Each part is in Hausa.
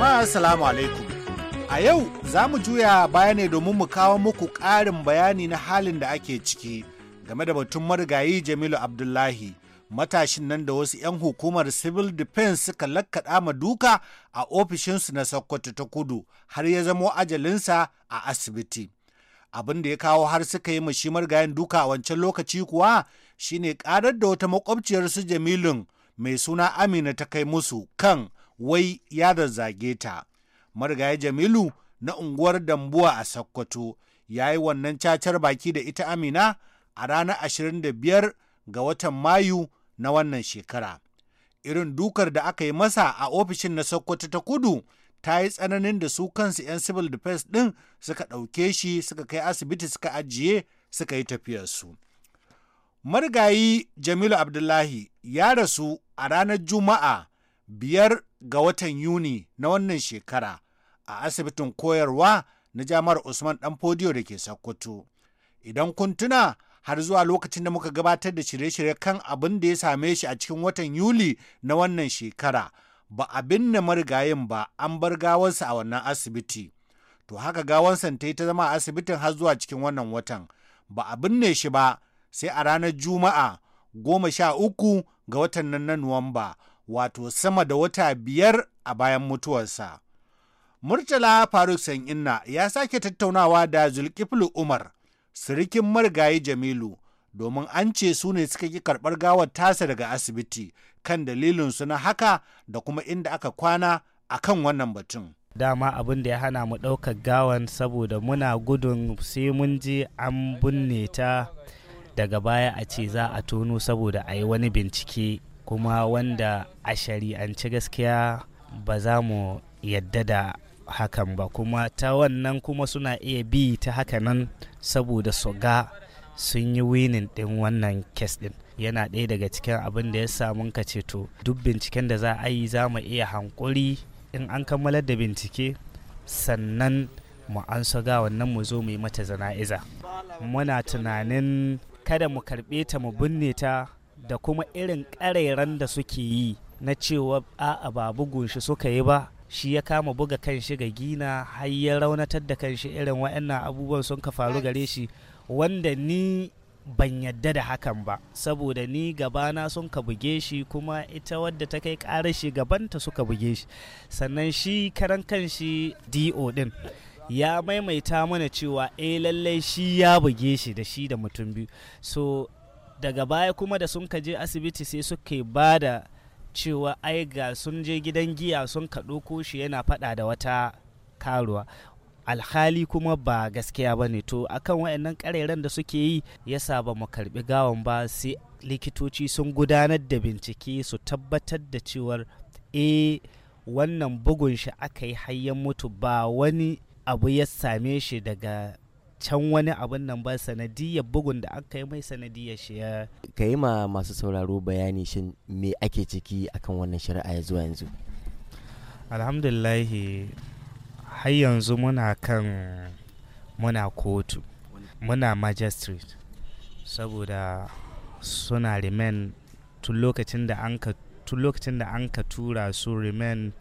Jama'a Assalamu alaikum. A yau za mu juya baya ne domin mu kawo muku ƙarin bayani na halin da ake ciki game da batun marigayi Jamilu Abdullahi. Matashin nan da wasu 'yan hukumar Civil Defense suka lakkaɗa ma duka a ofishinsu na Sokoto ta kudu har ya zamo ajalinsa a asibiti. Abin da ya kawo har suka yi mashi marigayin duka a wancan lokaci kuwa shine ƙarar da wata makwabciyarsu Jamilun mai suna Amina ta kai musu kan wai ya zazzage ta marigayi jamilu na unguwar dambuwa a Sokoto ya yi wannan cacar baki da ita amina a ranar 25 ga watan mayu na wannan shekara irin dukar da aka yi masa a ofishin na sokoto ta kudu ta yi tsananin da su kansu 'yan civil defense ɗin suka ɗauke shi suka kai asibiti suka ajiye suka yi tafiyarsu marigayi jamilu abdullahi ya rasu a ranar juma'a biyar ga watan Yuni na wannan shekara a asibitin koyarwa na jami'ar Usman fodiyo da ke Sokoto. Idan kun tuna har zuwa lokacin da muka gabatar da shirye-shirye kan abin da ya same shi a cikin watan Yuli na wannan shekara, ba abin na marigayin ba an bar gawarsa a wannan asibiti. To haka gawansa ta yi ta zama a asibitin har zuwa cikin wannan watan. Ba a binne shi ba sai a ranar Juma'a goma sha uku ga watan nan na Nuwamba. wato sama da wata biyar a bayan mutuwarsa. Murtala Faruk Sanyinna ya sake tattaunawa da Zulkiflu Umar, sirikin marigayi Jamilu, domin an ce su ne suka ki karɓar gawar tasa daga asibiti kan dalilinsu na haka da kuma inda aka kwana a kan wannan batun. dama abin da ya hana mu ɗaukar gawan saboda muna gudun sai mun ji an binne ta daga baya a ce za a tono saboda a yi wani bincike kuma wanda a shari'ance gaskiya ba za mu yadda da hakan ba kuma ta wannan kuma suna iya bi ta haka nan saboda su ga sun yi winin din wannan kes din. yana ɗaya daga cikin abin da ya samu ka to. duk binciken da za a yi za mu iya hankuri in an kammalar da bincike sannan mu an ga wannan mu zo mu yi mata zana'iza muna tunanin kada mu karɓe ta mu binne ta da kuma irin ƙarairan da suke yi na cewa a'a ba bugun shi suka yi ba shi ya kama buga kan shi ga gina har ya raunatar da kan shi irin wa'annan abubuwan sun ka faru gare shi wanda ni ban yadda da hakan ba saboda ni gabana sun ka buge shi kuma ita wadda ta kai ƙarar shi gabanta suka buge shi sannan shi karan kan shi do din ya maimaita mana cewa eh lallai shi ya buge shi da shi da mutum biyu so daga baya kuma da sun kaje asibiti sai suke ba da cewa ai ga sun je gidan giya sun kaɗo ko shi yana faɗa da wata karuwa alhali kuma ba gaskiya ba ne to akan waɗannan ƙareren da suke yi yasa ba mu karbi gawan ba sai likitoci sun gudanar da bincike su tabbatar da cewar e wannan bugun shi aka yi hayyan mutu ba wani abu ya same shi daga can wani abin nan ba sanadiyar bugun da aka yi mai sanadiyar shi ya ka yi ma masu sauraro bayani shin me ake ciki akan wannan shari'a ya zuwa yanzu alhamdulahi har yanzu muna kan muna kotu muna magistrate saboda suna remain tun lokacin da an ka tun lokacin da an ka tura su remain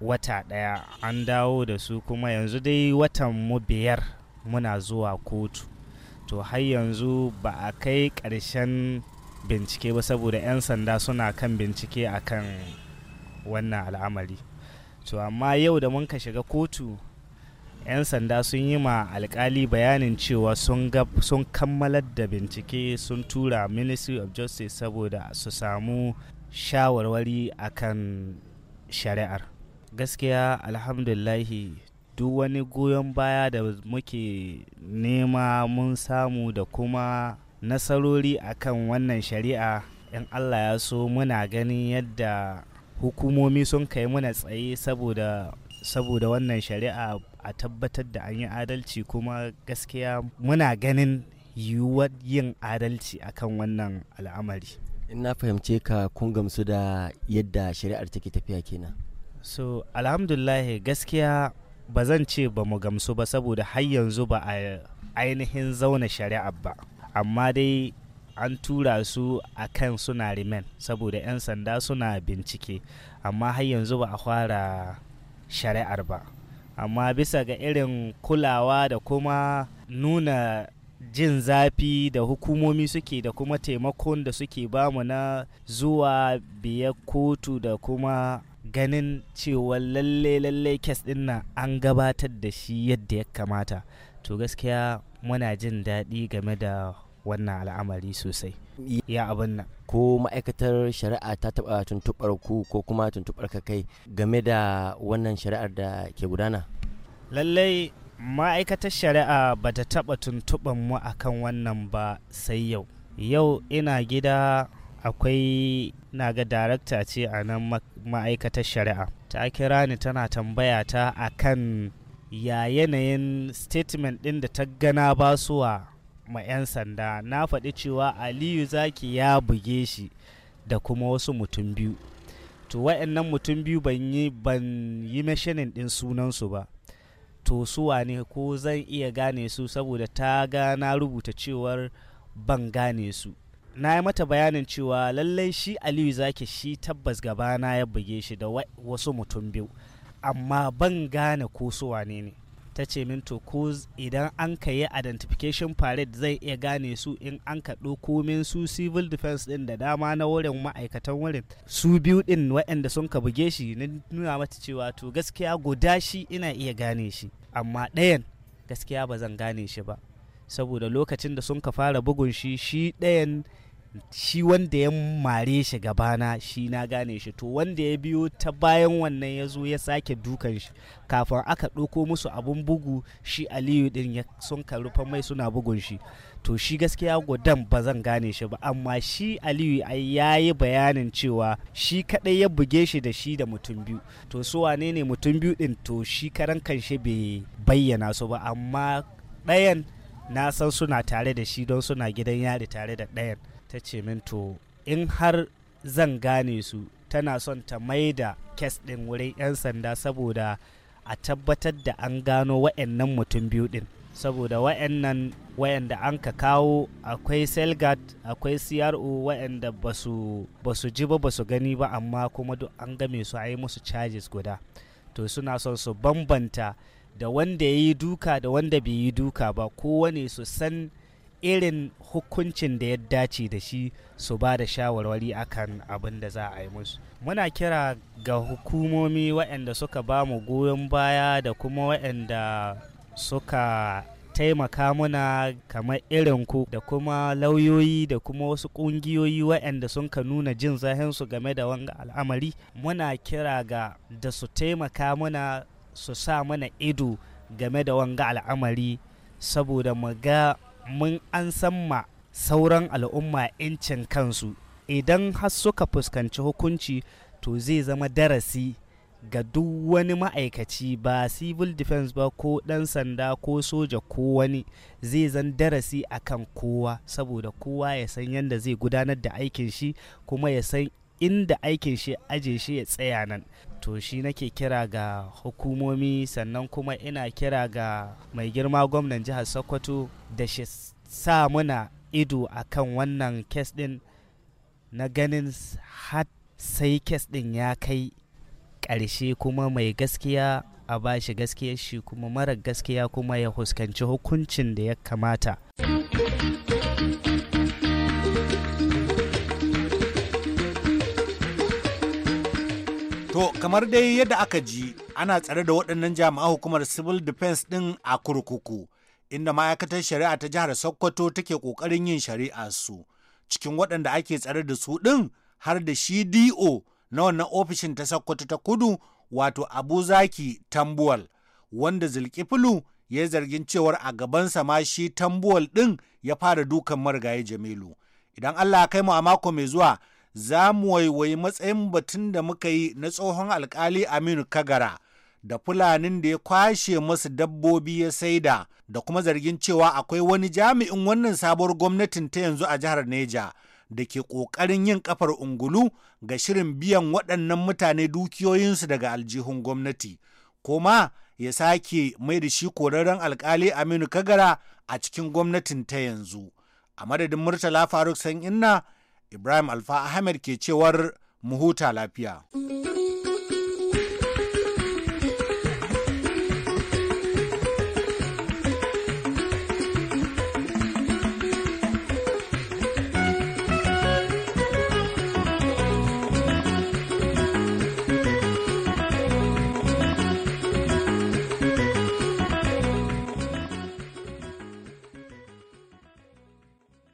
wata daya an dawo da su kuma yanzu dai watan mu biyar muna zuwa kotu to har yanzu ba a kai ƙarshen bincike ba saboda 'yan sanda suna kan bincike a kan wannan al'amari to amma yau da mun ka shiga kotu 'yan sanda sun yi ma alkali bayanin cewa sun kammalar da bincike sun tura ministry of justice saboda su samu shawarwari akan shari'ar gaskiya alhamdulahi duk wani goyon baya da muke nema mun samu da kuma nasarori akan wannan shari'a in allah ya so muna ganin yadda hukumomi sun kai muna tsaye saboda saboda wannan shari'a a tabbatar da an yi adalci kuma gaskiya muna ganin yiwuwar yin adalci akan wannan al'amari in na fahimce ka kun gamsu da yadda shari'ar take tafiya kenan so alhamdulillah gaskiya ba zan ce ba mu gamsu ba saboda har yanzu ba a ainihin zauna shari'a ba amma dai an tura su a kan suna remain saboda 'yan sanda suna bincike amma har yanzu ba a fara shari'ar ba amma bisa ga irin kulawa da kuma nuna jin zafi da hukumomi suke da kuma taimakon da suke bamu na zuwa biya kotu da kuma ganin cewa lalle lalle kes din nan an gabatar da shi yadda ya kamata to gaskiya muna jin daɗi game da wannan al'amari sosai ya abin nan ko ma'aikatar shari'a ta taɓa tuntuɓar ku ko kuma tuntuɓar ka kai game da wannan shari'ar da ke gudana lallai ma'aikatar shari'a ba ta taɓa tuntuɓar mu akan wannan ba sai yau yau ina gida akwai naga darakta ce a nan ma'aikatar shari'a ta kira ni tana tambaya ta a kan ya yanayin statement ɗin da ta gana ba wa ma 'yan sanda na faɗi cewa aliyu zaki ya buge shi da kuma wasu mutum biyu to wa'annan mutum biyu ban yi ban yi mashinin ɗin sunansu ba to su ne ko zan iya gane su saboda ta ga na rubuta cewar ban gane su na yi mata bayanin cewa lallai shi aliyu zaki shi tabbas gaba na ya buge shi da wasu mutum biyu amma ban gane ko su wane ne ta ce min to ko idan an ka yi identification parade zai iya gane su in an ka ɗauko min su civil defense din da dama na wurin ma'aikatan wurin su biyu din waɗanda sun ka buge shi na nuna mata cewa to gaskiya guda shi ina iya gane shi amma ɗayan gaskiya ba zan gane shi ba saboda lokacin da sun ka fara bugun shi shi ɗayan shi wanda ya mare shi gabana shi na gane shi to wanda ya biyo ta bayan wannan ya zo ya sake dukan shi kafin aka ɗauko musu abun bugu shi aliyu ɗin sun rufe mai suna bugun shi to shi gaskiya gudan ba zan gane shi ba amma shi aliyu ya yi bayanin cewa shi kaɗai ya buge shi da shi da mutum biyu to su wane ne mutum biyu ɗin to shi karan kanshi bai bayyana su ba amma ɗayan na san suna tare da shi don suna gidan yari tare da ɗayan ta ce min to in har zan gane su tana son ta mai da kes ɗin wurin 'yan sanda saboda a tabbatar da an gano wa'annan mutum biyu ɗin saboda wa'annan wa'anda an ka kawo akwai selgat akwai cro wa'anda ba su ji ba ba su gani ba amma kuma duk an game su a yi musu charges guda to suna son su bambanta da wanda ya yi duka da wanda bai yi duka ba kowane su san irin hukuncin da ya dace da shi su ba da shawarwari akan abin da za a yi musu muna kira ga hukumomi waɗanda suka ba mu goyon baya da kuma waɗanda suka taimaka muna kamar irin ku da kuma lauyoyi da kuma wasu ƙungiyoyi waɗanda sun ka nuna jin zahensu game da wanga al'amari muna kira ga da su taimaka muna su sa mana ido game da wanga al'amari saboda mu ga mun an san ma sauran al'umma 'yancin kansu idan har suka fuskanci hukunci to zai zama darasi ga duk wani ma'aikaci ba civil defense ba ko ɗan sanda ko soja ko wani zai zan darasi akan kowa saboda kowa ya san yadda zai gudanar da aikin shi kuma ya san inda aikin shi aje shi ya tsaya nan to shi nake kira ga hukumomi sannan kuma ina kira ga mai girma gwamnan jihar sokoto da shi sa muna ido a kan wannan kes din na ganin har sai kes din ya kai ƙarshe kuma mai gaskiya a bashi shi gaskiyar shi kuma mara gaskiya kuma ya huskanci hukuncin da ya kamata. kamar dai yadda aka ji ana tsare da waɗannan jami'an hukumar civil defense ɗin a kurkuku inda ma'aikatar shari'a ta jihar sokoto take ƙoƙarin yin shari'a su cikin waɗanda ake tsare da su ɗin har da shi do na wannan ofishin ta sokoto ta kudu wato abu zaki tambuwal wanda zulkifilu ya yi zargin cewar a gabansa ma shi tambuwal ɗin ya fara dukan marigayi jamilu idan allah kai mu a mako mai zuwa za mu waiwayi matsayin batun da muka yi na tsohon alkali Aminu Kagara da fulanin da ya kwashe masu dabbobi ya saida da kuma zargin cewa akwai wani jami'in wannan sabuwar gwamnatin ta yanzu a jihar Neja da ke ƙoƙarin yin kafar ungulu ga shirin biyan waɗannan mutane dukiyoyinsu daga aljihun gwamnati. Koma ya sake mai da shi korarren alkali Aminu Kagara a cikin gwamnatin ta yanzu. A madadin Murtala Faruk San Inna Ibrahim Alfa Ahmed ke cewar mu huta lafiya.